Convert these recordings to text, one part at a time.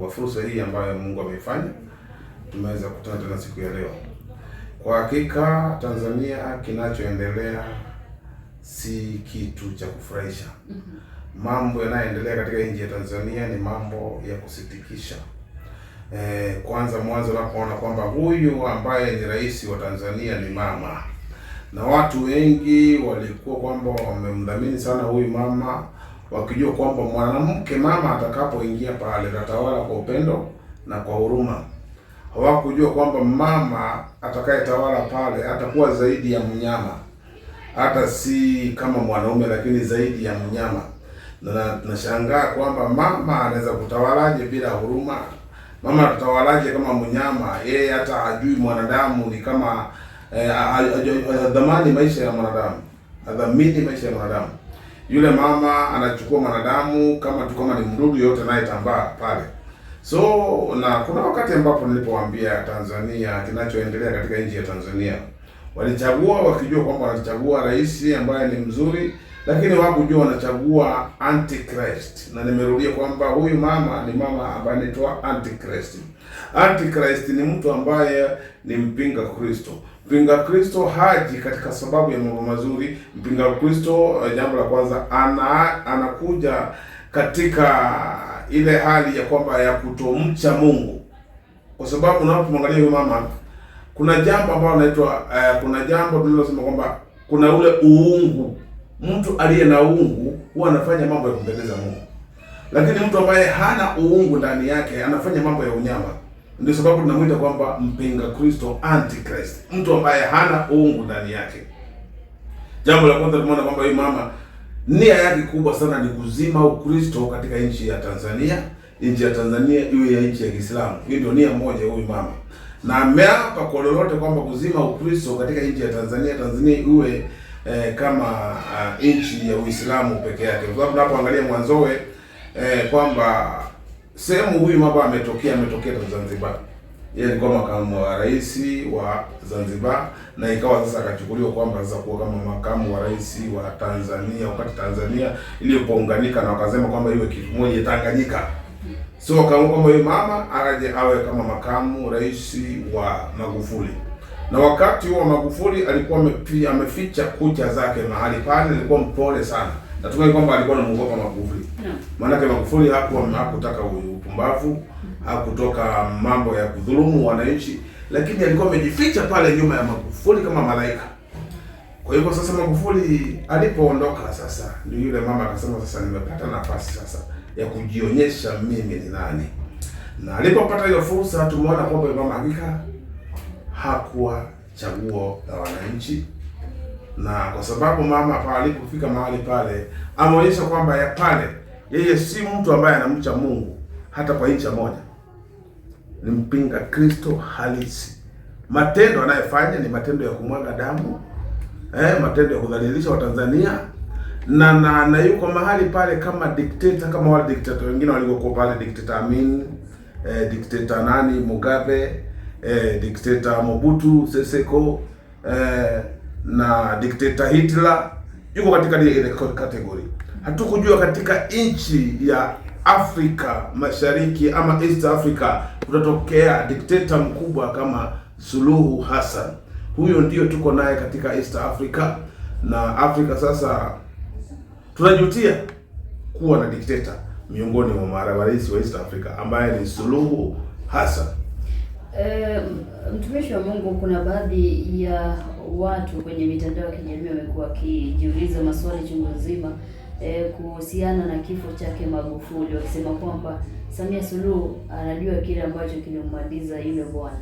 Kwa fursa hii ambayo Mungu ameifanya tumeweza kukutana tena siku ya leo. Kwa hakika Tanzania, kinachoendelea si kitu cha kufurahisha. Mm-hmm. Mambo yanayoendelea katika nchi ya Tanzania ni mambo ya kusitikisha. E, kwanza mwanzo unapoona kwamba huyu ambaye ni rais wa Tanzania ni mama, na watu wengi walikuwa kwamba wamemdhamini sana huyu mama wakijua kwamba mwanamke mama atakapoingia pale atatawala kwa upendo na kwa huruma. Hawakujua kwamba mama atakayetawala pale atakuwa zaidi ya mnyama, hata si kama mwanaume, lakini zaidi ya mnyama. Na tunashangaa kwamba mama anaweza kutawalaje bila huruma? Mama atatawalaje kama mnyama? Yeye hata ajui mwanadamu ni kama eh, adhamani maisha ya mwanadamu, adhamini maisha ya mwanadamu yule mama anachukua mwanadamu kama tu kama ni mdudu yote anayetambaa pale. So na kuna wakati ambapo nilipowaambia Tanzania kinachoendelea katika nchi ya Tanzania, walichagua wakijua kwamba wanachagua rais ambaye ni mzuri, lakini hawakujua wanachagua antichrist. Na nimerudia kwamba huyu mama ni mama ambaye anaitwa antichrist. Antichrist ni mtu ambaye ni mpinga Kristo. Mpinga Kristo haji katika sababu ya mambo mazuri. Mpinga Kristo, eh, jambo la kwanza, ana- anakuja katika ile hali ya kwamba ya kutomcha Mungu, kwa sababu unapomwangalia huyo mama, kuna jambo ambalo naitwa uh, eh, kuna jambo tunalosema kwamba kuna ule uungu. Mtu aliye na uungu huwa anafanya mambo ya kumpendeza Mungu, lakini mtu ambaye hana uungu ndani yake anafanya mambo ya unyama. Ndio sababu tunamwita kwamba mpinga Kristo, antichrist, mtu ambaye hana uungu ndani yake. Jambo la kwanza tumeona kwamba huyu mama nia yake kubwa sana ni kuzima Ukristo katika nchi ya Tanzania, nchi ya Tanzania iwe ya nchi ya Kiislamu. Hii ndio nia moja huyu mama, na ameapa kwa lolote kwamba kuzima Ukristo katika nchi ya Tanzania, Tanzania iwe eh, kama uh, nchi ya Uislamu peke yake, kwa sababu napoangalia mwanzowe eh, kwamba sehemu huyu mambo ametokea, ametokea Zanzibar. Yeye alikuwa makamu wa rais wa Zanzibar na ikawa sasa akachukuliwa kwamba sasa kuwa kama makamu wa rais wa Tanzania wakati Tanzania iliyopounganika na wakasema kwamba iwe kitu moja Tanganyika. So wakaamua kwamba huyu mama araje awe kama makamu rais wa Magufuli na wakati huo Magufuli alikuwa pia ameficha kucha zake mahali pale, alikuwa mpole sana natumai kwamba alikuwa anamuogopa Magufuli yeah. Maanake Magufuli hakuwa hakutaka upumbavu, hakutoka mambo ya kudhulumu wananchi, lakini alikuwa amejificha pale nyuma ya Magufuli kama malaika. Kwa hivyo sasa Magufuli alipoondoka, sasa ndio yule mama akasema, sasa nimepata nafasi sasa ya kujionyesha mimi ni nani, na alipopata hiyo fursa tumeona kwamba mama hakika hakuwa chaguo la wananchi na kwa sababu mama alipofika mahali pale ameonyesha kwamba ya pale yeye si mtu ambaye anamcha Mungu hata kwa incha moja, ni mpinga Kristo halisi. Matendo anayefanya ni matendo ya kumwaga damu eh, matendo ya kudhalilisha Watanzania na na na yuko mahali pale kama dikteta, kama wale dikteta wengine waliokuwa pale, dikteta Amin eh, dikteta nani Mugabe eh, dikteta Mobutu Sese Seko eh, na dikteta Hitler yuko katika ile kategori. Hatukujua katika nchi ya Afrika Mashariki ama East Africa kutatokea dikteta mkubwa kama Suluhu Hassan. Huyo ndio tuko naye katika East Africa, na Afrika sasa tunajutia kuwa na dikteta miongoni mwa marais wa East Africa ambaye ni Suluhu Hassan. Eh, mtumishi wa Mungu, kuna baadhi ya watu kwenye mitandao ya kijamii wamekuwa wakijiuliza maswali chungu nzima e, kuhusiana na kifo chake Magufuli, wakisema kwamba Samia Suluhu anajua kile ambacho kilimmaliza yule bwana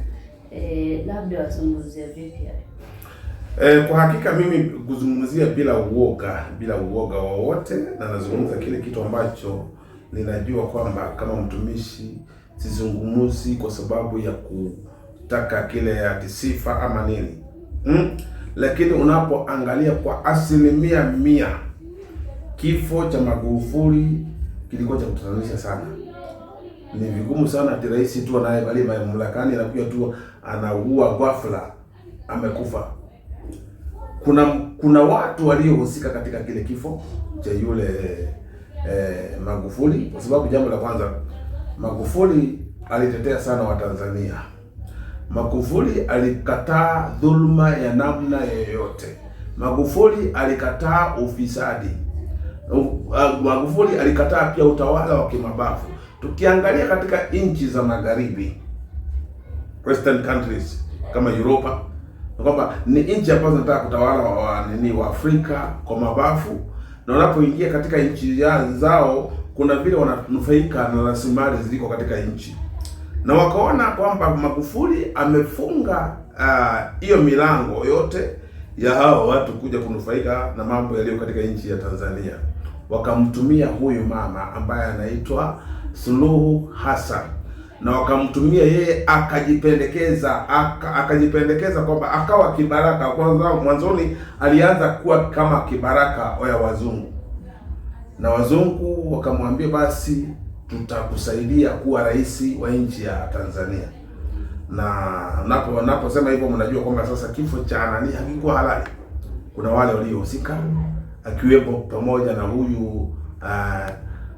e, labda wazungumzia vipi hayo? E, kwa hakika mimi kuzungumzia bila uoga, bila uoga wowote, na nazungumza kile kitu ambacho ninajua kwamba kama mtumishi sizungumuzi kwa sababu ya kutaka kile ya sifa ama nini hmm? Lakini unapoangalia kwa asilimia mia, kifo cha Magufuli kilikuwa cha kutatanisha sana. Ni vigumu sana ati rais tu bali mamlakani anakuja tu anaua ghafla, amekufa. Kuna kuna watu waliohusika katika kile kifo cha yule eh, Magufuli, kwa sababu jambo la kwanza Magufuli alitetea sana Watanzania. Magufuli alikataa dhuluma ya namna yoyote. Magufuli alikataa ufisadi. Magufuli alikataa pia utawala wa kimabavu. Tukiangalia katika nchi za magharibi, western countries kama Europa, kwamba ni nchi ambazo zinataka kutawala wa nini wa Afrika kwa mabavu, na unapoingia katika nchi zao kuna vile wananufaika na rasilimali ziliko katika nchi, na wakaona kwamba Magufuli amefunga uh, hiyo uh, milango yote ya hao watu kuja kunufaika na mambo yaliyo katika nchi ya Tanzania. Wakamtumia huyu mama ambaye anaitwa Suluhu Hassan na wakamtumia yeye, akajipendekeza aka, akajipendekeza kwamba akawa kibaraka kwanza. Mwanzoni alianza kuwa kama kibaraka ya wazungu na wazungu wakamwambia, basi tutakusaidia kuwa rais wa nchi ya Tanzania. Na napo naposema hivyo, mnajua kwamba sasa kifo cha nani hakikuwa halali. Kuna wale waliohusika akiwepo pamoja na huyu uh,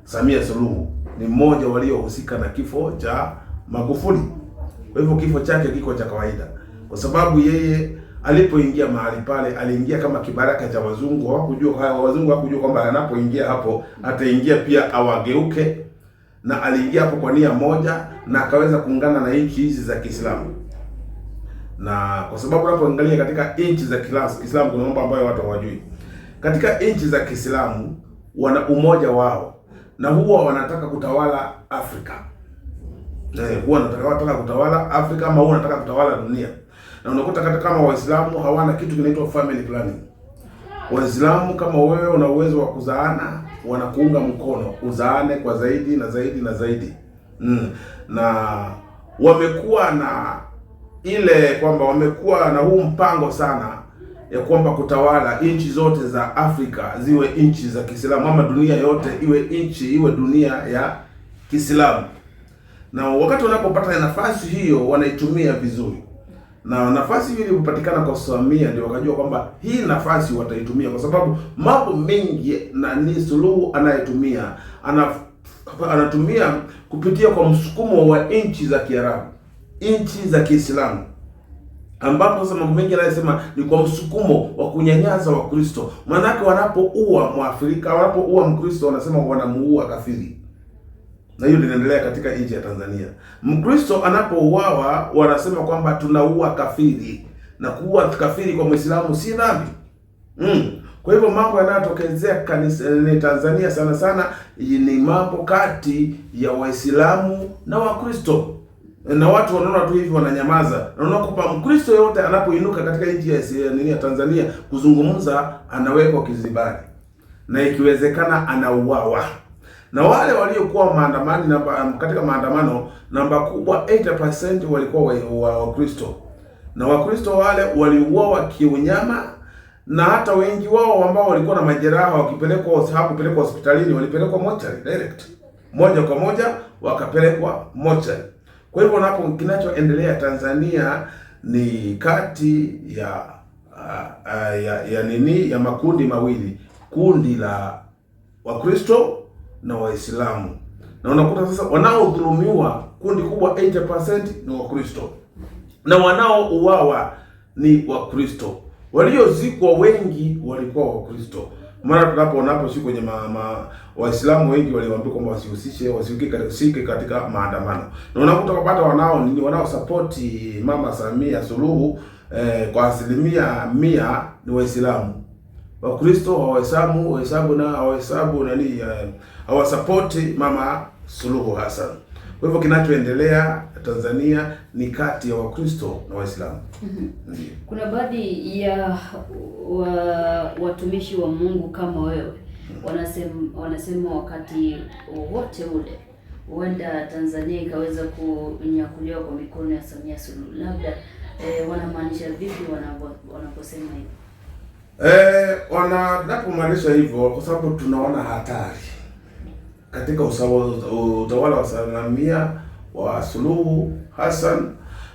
Samia Suluhu ni mmoja waliohusika na kifo cha Magufuli. Kwa hivyo kifo chake kiko cha kawaida kwa sababu yeye alipoingia mahali pale, aliingia kama kibaraka cha wazungu. Hawakujua, wazungu hawakujua kwamba anapoingia hapo ataingia pia awageuke, na aliingia hapo kwa nia moja, na akaweza kuungana na nchi hizi za Kiislamu, na kwa sababu unapoangalia katika nchi za Kiislamu kuna mambo ambayo watu hawajui. Katika nchi za Kiislamu wana umoja wao na huwa wanataka kutawala Afrika, eh, huwa wanataka kutawala Afrika ama huwa wanataka kutawala dunia na unakuta hata kama Waislamu hawana kitu kinaitwa family planning. Waislamu kama wewe una uwezo wa kuzaana, wanakuunga mkono uzaane kwa zaidi na zaidi na zaidi mm. na wamekuwa na ile kwamba wamekuwa na huu mpango sana ya kwamba kutawala nchi zote za Afrika ziwe nchi za Kiislamu ama dunia yote iwe nchi iwe dunia ya Kiislamu, na wakati wanapopata nafasi hiyo wanaitumia vizuri na nafasi hiyo ilipatikana kwa Samia, ndio wakajua kwamba hii nafasi wataitumia, kwa sababu mambo mengi na ni Suluhu anayetumia anatumia kupitia kwa msukumo wa nchi za Kiarabu, nchi za Kiislamu ambapo sasa mambo mengi anayesema ni kwa msukumo wa kunyanyasa Wakristo, maanake wanapoua Mwafrika, wanapouwa Mkristo wanasema wanamuua kafiri na hiyo linaendelea katika nchi ya Tanzania. Mkristo anapouawa wanasema kwamba tunaua kafiri, na kuua kafiri kwa Muislamu si dhambi mm. Kwa hivyo mambo yanayotokezea kanisani eh, Tanzania sana sana eh, ni mambo kati ya Waislamu na Wakristo, na watu wanaona tu hivi wananyamaza. Naona kwamba Mkristo yote anapoinuka katika nchi eh, ya Tanzania kuzungumza, anawekwa kizibani na ikiwezekana anauawa na wale waliokuwa maandamano namba, um, katika maandamano namba kubwa 80% walikuwa Wakristo wa, wa na Wakristo wale waliuawa kiunyama na hata wengi wao ambao walikuwa na majeraha wakipelekwa hakupelekwa hospitalini walipelekwa mochari direct, moja kwa moja wakapelekwa mochari. Kwa hivyo napo kinachoendelea Tanzania ni kati ya ya, uh, uh, ya, ya nini ya makundi mawili, kundi la Wakristo na Waislamu, na unakuta sasa wanaodhulumiwa kundi kubwa 80% ni Wakristo na wanaouawa ni Wakristo. Waliozikwa wengi walikuwa Wakristo. Maana tunapo hapo si kwenye Waislamu wengi waliwaambia kwamba wasihusishe wasihusike katika maandamano, na unakuta kupata wanao nini wanao support eh, Mama Samia Suluhu eh, kwa asilimia mia ni Waislamu Wakristo hawahesabu wahesabu na hawahesabu nani, hawasapoti Mama Suluhu Hassan. Kwa hivyo kinachoendelea Tanzania ni kati ya Wakristo na Waislamu. mm -hmm. Kuna baadhi ya wa, watumishi wa Mungu kama wewe wanasema, wanasema wakati wowote ule huenda Tanzania ikaweza kunyakuliwa kwa mikono ya Samia Suluhu. Labda eh, wanamaanisha vipi wanaposema hivyo? Eh, wana napomaanisha hivyo kwa sababu tunaona hatari katika usawa, utawala wa Samia wa Suluhu Hassan,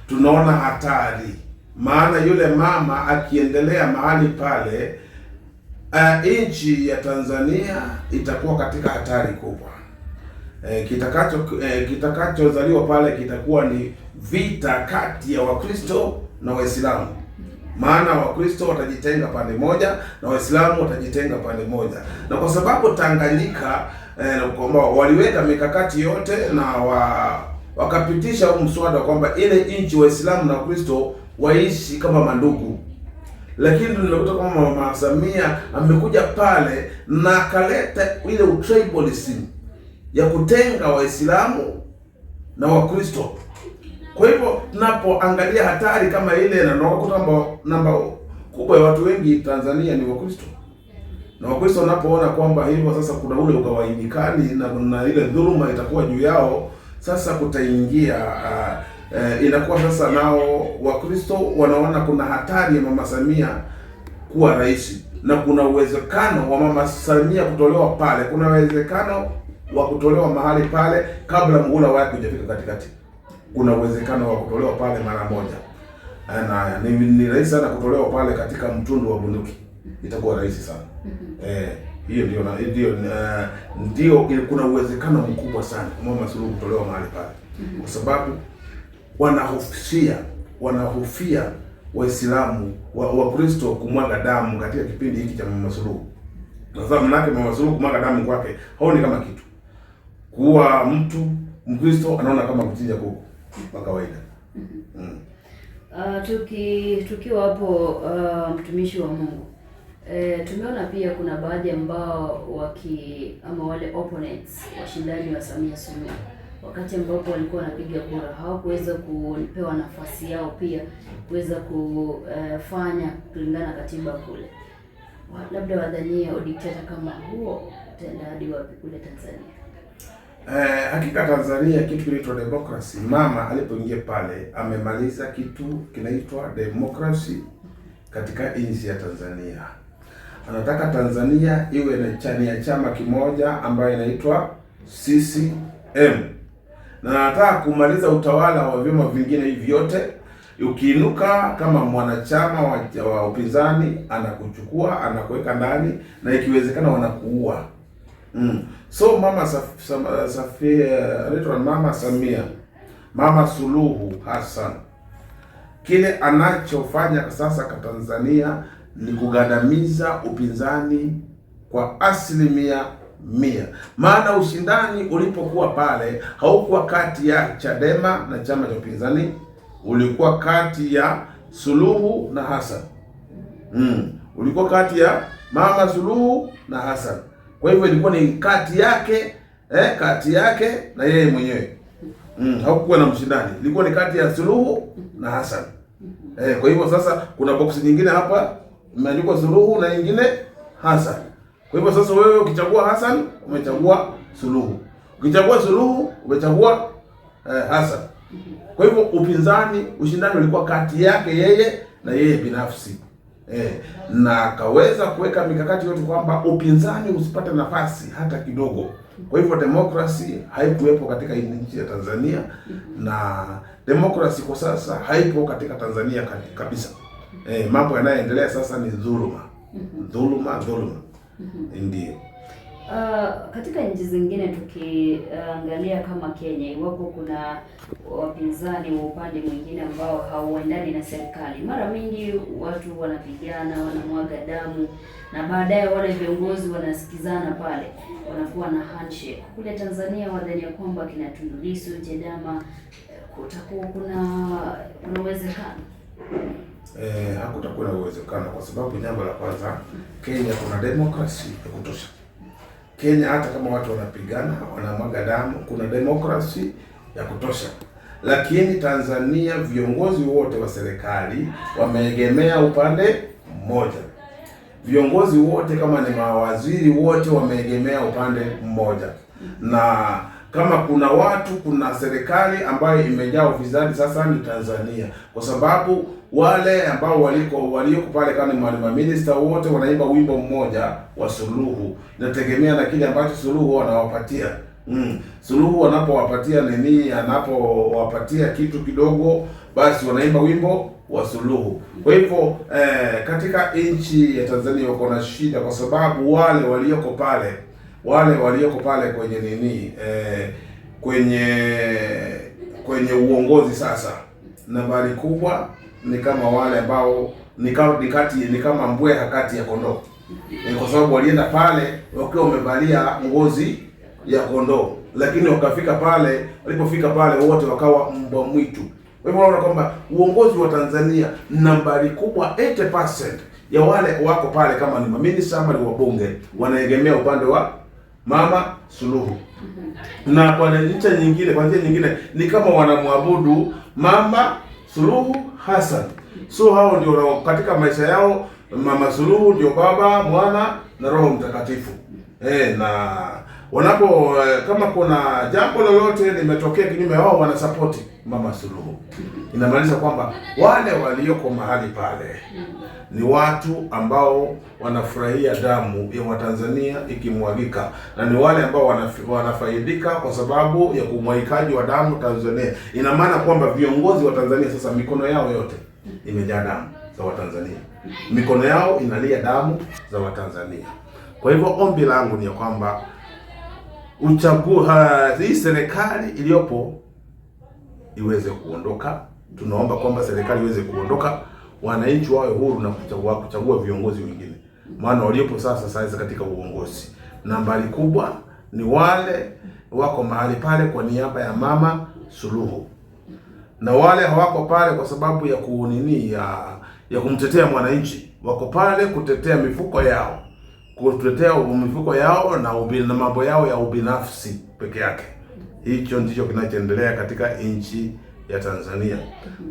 tunaona hatari, maana yule mama akiendelea mahali pale, uh, nchi ya Tanzania itakuwa katika hatari kubwa. Eh, kitakacho eh, kitakachozaliwa pale kitakuwa ni vita kati ya Wakristo na Waislamu maana Wakristo watajitenga pande moja na Waislamu watajitenga pande moja, na kwa sababu Tanganyika eh, kwamba waliweka mikakati yote na wa, wakapitisha huu mswada kwamba ile nchi Waislamu na Wakristo waishi kama mandugu, lakini tunakuta kwamba Mama Samia amekuja pale na akaleta ile utribalism ya kutenga Waislamu na Wakristo. Kwa hivyo tunapoangalia hatari kama ile, na nakuta namba kubwa ya watu wengi Tanzania ni Wakristo na Wakristo wanapoona kwamba hivyo sasa kuna ule ugawaidikani na, na ile dhuluma itakuwa juu yao sasa kutaingia uh, uh, inakuwa sasa nao Wakristo wanaona kuna hatari ya Mama Samia kuwa rais na kuna uwezekano wa Mama Samia kutolewa pale, kuna uwezekano wa kutolewa mahali pale kabla muhula wake hujafika katikati kuna uwezekano wa kutolewa pale mara moja, eh, na ni, ni rahisi sana kutolewa pale katika mtundu wa bunduki, itakuwa rahisi sana mm-hmm. eh, hiyo ndio na ndio eh, ndio, kuna uwezekano mkubwa sana Mama Suluhu kutolewa mahali pale, mm-hmm. kwa sababu wanahofia wanahofia Waislamu wa Wakristo wa kumwaga damu katika kipindi hiki cha Mama Suluhu. Sasa mnake Mama Suluhu kumwaga damu kwake haoni kama kitu, kuwa mtu Mkristo anaona kama kuchinja kuku kwa kawaida mm -hmm. mm. Uh, tuki- tukiwa hapo uh, mtumishi wa Mungu e, tumeona pia kuna baadhi ambao waki ama wale opponents washindani wa Samia Suluhu wakati ambapo walikuwa wanapiga kura hawakuweza kupewa nafasi yao pia kuweza kufanya eh, kulingana na katiba kule, labda wadhania udikteta kama huo utaenda hadi wapi kule Tanzania? Eh, hakika Tanzania kitu kinaitwa democracy. Mama alipoingia pale amemaliza kitu kinaitwa democracy katika nchi ya Tanzania. Anataka Tanzania iwe na chani ya chama kimoja ambayo inaitwa CCM. Na anataka kumaliza utawala wa vyama vingine hivi vyote. Ukiinuka kama mwanachama wa, wa upinzani anakuchukua, anakuweka ndani na ikiwezekana wanakuua. Mm. So mama uh, Safia, uh, anaitwa mama Samia, mama Suluhu Hassan, kile anachofanya sasa kwa Tanzania ni kugandamiza upinzani kwa asilimia mia. Maana ushindani ulipokuwa pale haukuwa kati ya Chadema na chama cha upinzani, ulikuwa kati ya Suluhu na Hassan. Mm, ulikuwa kati ya mama Suluhu na Hassan. Kwa hivyo ilikuwa ni kati yake eh, kati yake na yeye mwenyewe mm, haukuwa na mshindani, ilikuwa ni kati ya Suluhu na Hassan eh, kwa hivyo sasa kuna boksi nyingine hapa imeandikwa Suluhu na nyingine Hassan. Kwa hivyo sasa wewe ukichagua Hassan umechagua Suluhu, ukichagua Suluhu umechagua eh, Hassan. Kwa hivyo upinzani, ushindani ulikuwa kati yake yeye na yeye binafsi eh, na akaweza kuweka mikakati yote kwamba upinzani usipate nafasi hata kidogo. Kwa hivyo demokrasi haikuwepo katika nchi ya Tanzania na demokrasi kwa sasa haipo katika Tanzania kabisa. Eh, mambo yanayoendelea sasa ni dhuluma, dhuluma, dhuluma, mhm. ndiyo. Uh, katika nchi zingine tukiangalia uh, kama Kenya, iwapo kuna wapinzani wa upande mwingine ambao hauendani na serikali, mara mingi watu wanapigana, wanamwaga damu na baadaye wale viongozi wanasikizana pale, wanakuwa na handshake. Kule Tanzania wadhani ya kwamba kina Tundu Lissu, Chadema, eh, kutakuwa kuna kuna uwezekano eh, hakutakuwa na uwezekano kwa sababu jambo la kwanza, Kenya kuna demokrasi ya kutosha Kenya, hata kama watu wanapigana wanamwaga damu, kuna demokrasi ya kutosha, lakini Tanzania viongozi wote wa serikali wameegemea upande mmoja. Viongozi wote kama ni mawaziri wote wameegemea upande mmoja na kama kuna watu, kuna serikali ambayo imejaa ufisadi sasa ni Tanzania, kwa sababu wale ambao waliko walioko pale kama mwalimu minister wote wanaimba wimbo mmoja wa Suluhu, inategemea na kile ambacho Suluhu wanawapatia Mm. Suluhu anapowapatia nini, anapowapatia kitu kidogo, basi wanaimba wimbo wa Suluhu. Kwa hivyo eh, katika nchi ya Tanzania wako na shida, kwa sababu wale walioko pale wale walioko pale kwenye nini eh, kwenye kwenye uongozi sasa, nambari kubwa ni kama wale ambao ni kati ni kama mbweha kati ya kondoo, eh, kwa sababu walienda pale wakiwa wamevalia ngozi ya kondoo, lakini wakafika pale, walipofika pale wote wakawa mbwa mwitu. Kwa hivyo unaona kwamba uongozi wa Tanzania nambari kubwa 80% ya wale wako pale kama ni maminista ama ni wabunge wanaegemea upande wa Mama Suluhu. Na kwa njia nyingine, kwa njia nyingine ni kama wanamwabudu Mama Suluhu Hassan. So hao ndio katika maisha yao Mama Suluhu ndio Baba, Mwana na Roho Mtakatifu. Eh, na wanapo eh, kama kuna jambo lolote limetokea kinyume, wao wanasapoti Mama Suluhu. Inamaanisha kwamba wale walioko mahali pale ni watu ambao wanafurahia damu ya Watanzania ikimwagika na ni wale ambao wanafaidika kwa sababu ya kumwagikaji wa damu Tanzania. Ina maana kwamba viongozi wa Tanzania sasa mikono yao yote imejaa damu za Watanzania, mikono yao inalia damu za Watanzania. Kwa hivyo ombi langu ni ya kwamba ha, hii serikali iliyopo iweze kuondoka. Tunaomba kwamba serikali iweze kuondoka, wananchi wawe huru na kuchagua, kuchagua viongozi wengine, maana waliopo sasa sasa katika uongozi nambari kubwa ni wale wako mahali pale kwa niaba ya Mama Suluhu na wale hawako pale kwa sababu ya kunini ya, ya kumtetea mwananchi, wako pale kutetea mifuko yao kutetea mifuko yao na ubina, na mambo yao ya ubinafsi peke yake. Hicho ndicho kinachoendelea katika nchi ya Tanzania.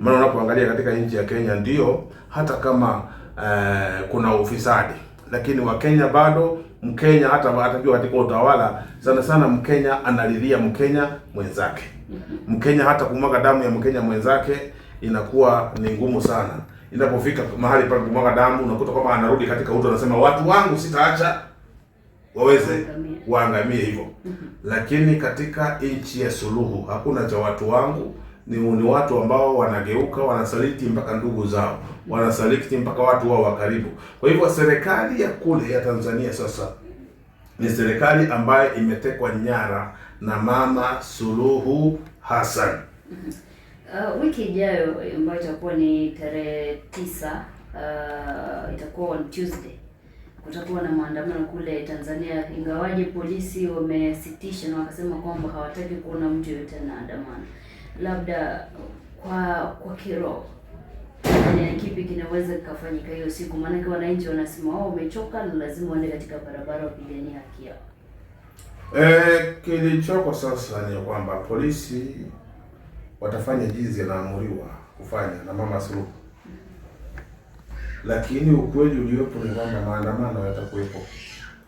Maana unapoangalia katika nchi ya Kenya ndio hata kama eh, kuna ufisadi lakini Wakenya bado Mkenya hata hatakiwa katika utawala sana sana, Mkenya analilia Mkenya mwenzake. Mkenya hata kumwaga damu ya Mkenya mwenzake inakuwa ni ngumu sana inapofika mahali pa kumwaga damu, unakuta kwamba anarudi katika utu, anasema watu wangu sitaacha waweze waangamie hivyo. Mhm. Lakini katika nchi ya suluhu hakuna cha watu wangu, ni ni watu ambao wanageuka, wanasaliti mpaka ndugu zao, wanasaliti mpaka watu wao wa karibu. Kwa hivyo serikali ya kule ya Tanzania sasa ni serikali ambayo imetekwa nyara na Mama Suluhu Hassan. Mhm. Uh, wiki ijayo ambayo itakuwa ni tarehe tisa, uh, itakuwa on Tuesday, kutakuwa na maandamano kule Tanzania, ingawaje polisi wamesitisha na wakasema kwamba hawataki kuona mtu yoyote anaandamana. Labda kwa kwa kiroho ni kipi kinaweza kikafanyika hiyo siku? Maanake wananchi wanasema wao oh, wamechoka na lazima waende katika barabara wapigania haki yao. Eh, kilichoko sasa ni kwamba polisi watafanya jinsi yanaamuriwa kufanya na Mama Suluhu, lakini ukweli uliopo ni kwamba maandamano yatakuwepo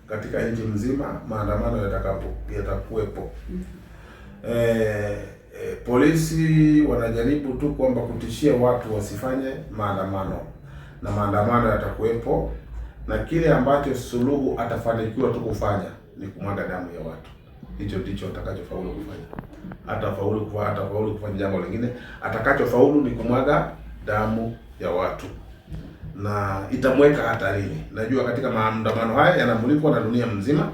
katika nchi mzima, maandamano yatakapo yatakuwepo. E, e, polisi wanajaribu tu kwamba kutishia watu wasifanye maandamano, na maandamano yatakuwepo, na kile ambacho Suluhu atafanikiwa tu kufanya ni kumwaga damu ya watu hicho ndicho atakachofaulu kufanya. Atafaulu kwa atafaulu kufanya jambo lingine, atakachofaulu ni kumwaga damu ya watu na itamweka hatarini. Najua katika maandamano haya yanamulikwa na dunia mzima.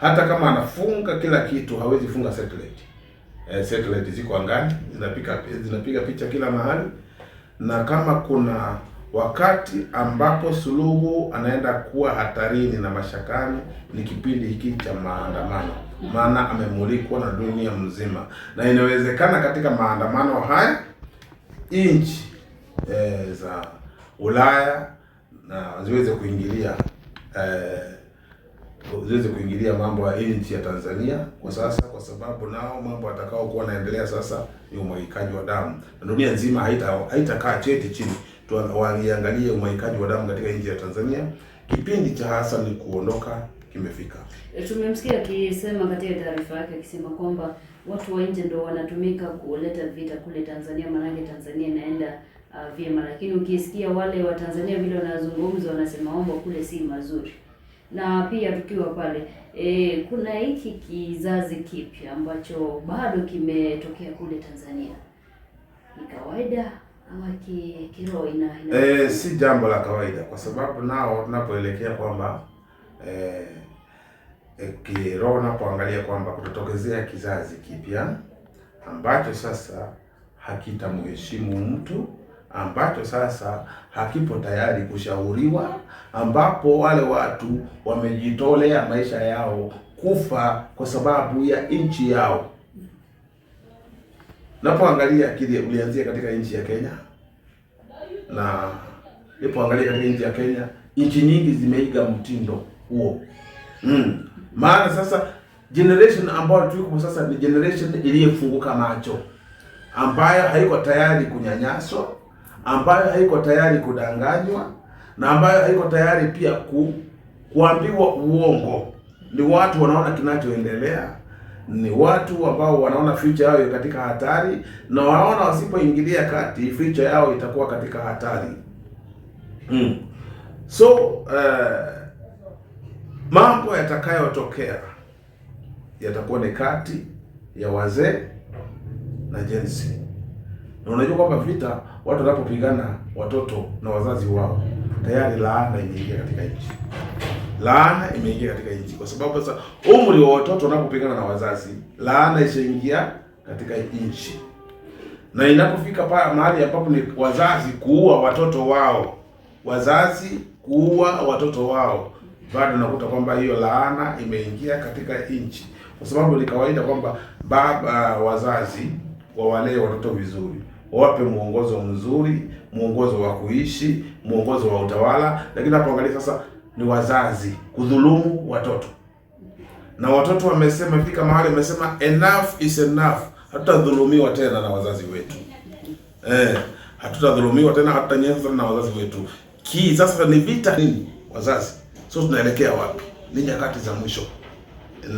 Hata kama anafunga kila kitu, hawezi funga satellite. E, satellite ziko angani zinapiga zinapiga picha kila mahali, na kama kuna Wakati ambapo Suluhu anaenda kuwa hatarini na mashakani ni kipindi hiki cha maandamano, maana amemulikwa na dunia mzima, na inawezekana katika maandamano haya nchi e, za Ulaya na ziweze kuingilia e, ziweze kuingilia mambo ya nchi ya Tanzania kwa sasa, kwa sababu nao mambo atakao kuwa naendelea sasa ni umwagikaji wa damu, na dunia nzima haitakaa haita cheti chini waliangalie umwagikaji wa damu katika nchi ya Tanzania. Kipindi cha Hassan kuondoka kimefika. Eh, tumemsikia akisema katika taarifa yake akisema kwamba watu wa nje ndio wanatumika kuleta vita kule Tanzania, maanake Tanzania inaenda uh, vyema, lakini ukisikia wale wa Tanzania vile wanazungumza, wanasema mambo kule si mazuri. Na pia tukiwa pale e, kuna hiki kizazi kipya ambacho bado kimetokea kule Tanzania, ni kawaida e, si jambo la kawaida kwa sababu nao tunapoelekea kwamba e, e, kiroho unapoangalia kwamba kutotokezea kizazi kipya ambacho sasa hakitamheshimu mtu ambacho sasa hakipo tayari kushauriwa, ambapo wale watu wamejitolea maisha yao kufa kwa sababu ya nchi yao Napoangalia akili ulianzia katika nchi ya Kenya, na nipoangalia katika nchi ya Kenya, nchi nyingi zimeiga mtindo huo mm. Maana sasa generation ambayo tuko sasa ni generation iliyefunguka macho, ambayo haiko tayari kunyanyaswa, ambayo haiko tayari kudanganywa, na ambayo haiko tayari pia ku- kuambiwa uongo. Ni watu wanaona kinachoendelea ni watu ambao wanaona future yao katika hatari na waona wasipoingilia kati future yao itakuwa katika hatari mm. So uh, mambo yatakayotokea yatakuwa ni kati ya wazee na jensi, na unajua kwamba vita, watu wanapopigana watoto na wazazi wao, tayari laana imeingia katika nchi laana imeingia katika nchi, kwa sababu sasa umri wa watoto wanapopingana na wazazi, laana ishaingia katika nchi, na inapofika pa mahali ambapo ni wazazi kuua watoto wao, wazazi kuua watoto wao, bado nakuta kwamba hiyo laana imeingia katika nchi, kwa sababu ni kawaida kwamba baba wazazi wawalee watoto vizuri wape mwongozo mzuri, mwongozo wa kuishi, mwongozo wa utawala. Lakini hapo angalia sasa ni wazazi kudhulumu watoto, na watoto wamesema, fika mahali wamesema enough is enough, hatutadhulumiwa tena na wazazi wetu eh, hatutadhulumiwa tena, hatutanyanyaswa na wazazi wetu. Ki sasa ni vita nini wazazi? So tunaelekea wapi? Ni nyakati za mwisho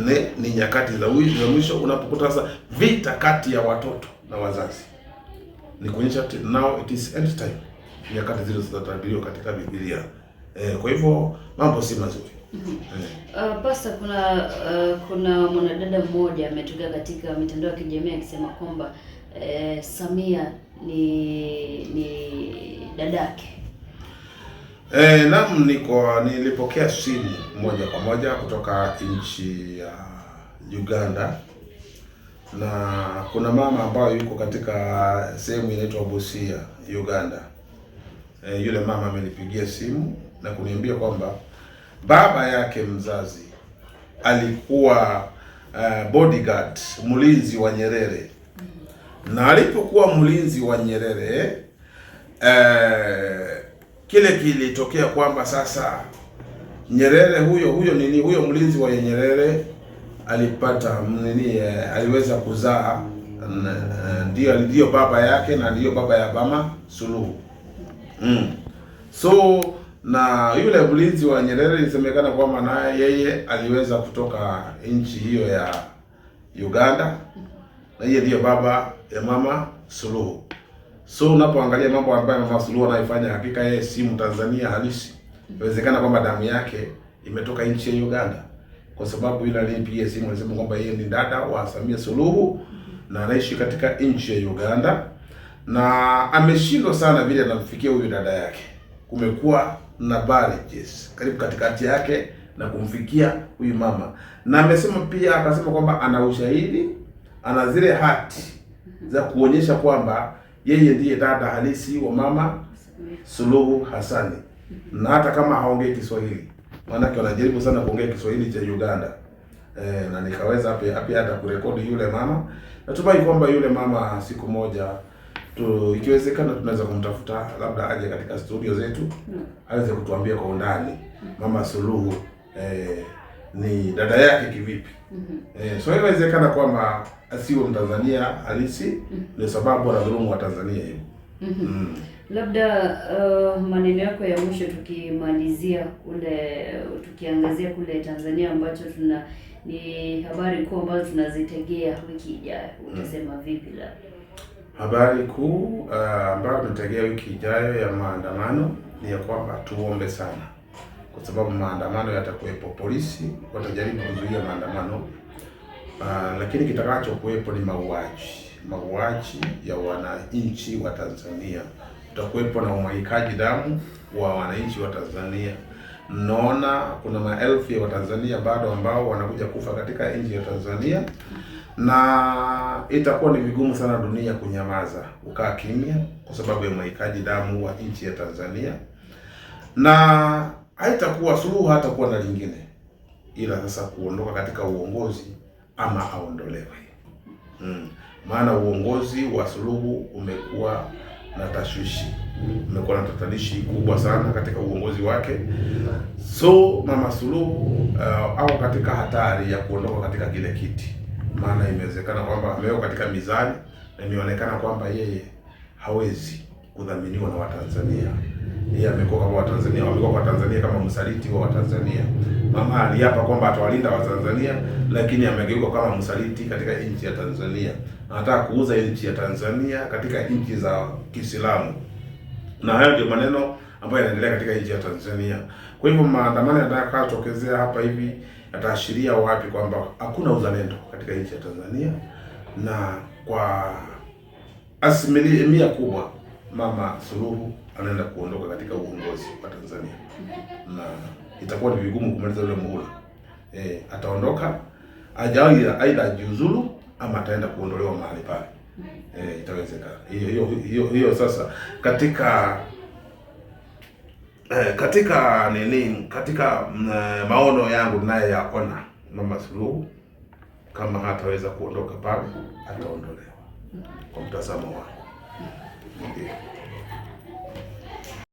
ne, ni nyakati za mwisho unapokuta sasa vita kati ya watoto na wazazi, ni kuonyesha now it is end time, nyakati zile zinatabiriwa katika Biblia. Eh, kwa hivyo mambo si mazuri. Uh, pasta, kuna uh, kuna mwanadada mmoja ametokea katika mitandao ya kijamii akisema kwamba eh, Samia ni ni dadake. Eh, naam, niko nilipokea simu moja kwa moja kutoka nchi ya uh, Uganda na kuna mama ambayo yuko katika sehemu inaitwa Busia, Uganda. E, yule mama amenipigia simu na kuniambia kwamba baba yake mzazi alikuwa uh, bodyguard mlinzi wa Nyerere na alipokuwa mlinzi wa Nyerere uh, kile kilitokea kwamba sasa Nyerere huyo huyo nini huyo mlinzi wa Nyerere alipata nini, uh, aliweza kuzaa ndio ndio baba yake na ndiyo baba ya mama Suluhu mm. so na yule mlinzi wa Nyerere ilisemekana kwamba naye yeye aliweza kutoka nchi hiyo ya Uganda, na yeye ndiyo baba ya Mama Suluhu. So unapoangalia mambo ambayo Mama Suluhu anaifanya, hakika yeye si Mtanzania halisi. Inawezekana kwamba damu yake imetoka nchi ya Uganda, kwa sababu yule aliyepiga simu alisema kwamba yeye ni dada wa Samia Suluhu na anaishi katika nchi ya Uganda, na ameshindwa sana vile anamfikia huyu dada yake. Kumekuwa na Barriges karibu katikati yake na kumfikia huyu mama, na amesema pia, akasema kwamba ana ushahidi, ana zile hati za kuonyesha kwamba yeye ndiye dada halisi wa mama Suluhu Hasani, na hata kama haongei Kiswahili, maanake wanajaribu sana kuongea Kiswahili cha Uganda. E, na nikaweza hapa hata kurekodi yule mama. Natumai kwamba yule mama siku moja tu, ikiwezekana tunaweza kumtafuta labda aje katika studio zetu mm. aweze kutuambia kwa undani mm. Mama Suluhu eh, ni dada yake kivipi? mm -hmm. Eh, so inawezekana kwamba asiwe Mtanzania halisi mm -hmm. sababu anadhulumu wa Tanzania hiyo mm -hmm. mm. Labda uh, maneno yako ya mwisho tukimalizia kule, tukiangazia kule Tanzania ambacho tuna ni habari kuu ambazo tunazitegea wiki ijayo, mm. utasema mm. vipi labda Habari kuu ah, ambayo uh, tunategea wiki ijayo ya maandamano ni ya kwamba tuombe sana, kwa sababu maandamano yatakuwepo. Polisi watajaribu kuzuia maandamano uh, lakini kitakachokuwepo ni mauaji, mauaji ya wananchi wa Tanzania. Utakuwepo na umwagikaji damu wa wananchi wa Tanzania. Naona kuna maelfu ya Watanzania bado ambao wanakuja kufa katika nchi ya Tanzania na itakuwa ni vigumu sana dunia kunyamaza ukaa kimya, kwa sababu ya mwahitaji damu wa nchi ya Tanzania, na haitakuwa suluhu, hatakuwa na lingine ila sasa kuondoka katika uongozi ama aondolewe. Mm. Maana uongozi wa Suluhu umekuwa na tashwishi, umekuwa na tatanishi kubwa sana katika uongozi wake. So mama Suluhu uh, au katika hatari ya kuondoka katika kile kiti maana imewezekana kwamba leo katika mizani na imeonekana kwamba yeye hawezi kudhaminiwa na Watanzania. Yeye amekuwa kama Watanzania, wamekuwa Tanzania kama msaliti wa Watanzania. Mama aliapa kwamba atawalinda Watanzania, lakini amegeuka kama msaliti katika nchi ya Tanzania. Anataka kuuza nchi ya Tanzania katika nchi za Kiislamu, na hayo ndio maneno ambayo yanaendelea katika nchi ya Tanzania. Kwa hivyo maandamano kutokezea hapa hivi ataashiria wapi kwamba hakuna uzalendo katika nchi ya Tanzania, na kwa asilimia kubwa Mama Suluhu anaenda kuondoka katika uongozi wa Tanzania na itakuwa ni vigumu kumaliza yule muhula. E, ataondoka ajawahi aidha ajiuzulu ama ataenda kuondolewa mahali pale. E, itawezekana hiyo hiyo hiyo sasa katika eh, katika nini, katika mm, eh, maono yangu ninayoyaona Mama Suluhu kama hataweza kuondoka pale, ataondolewa kwa mtazamo wangu, ndio.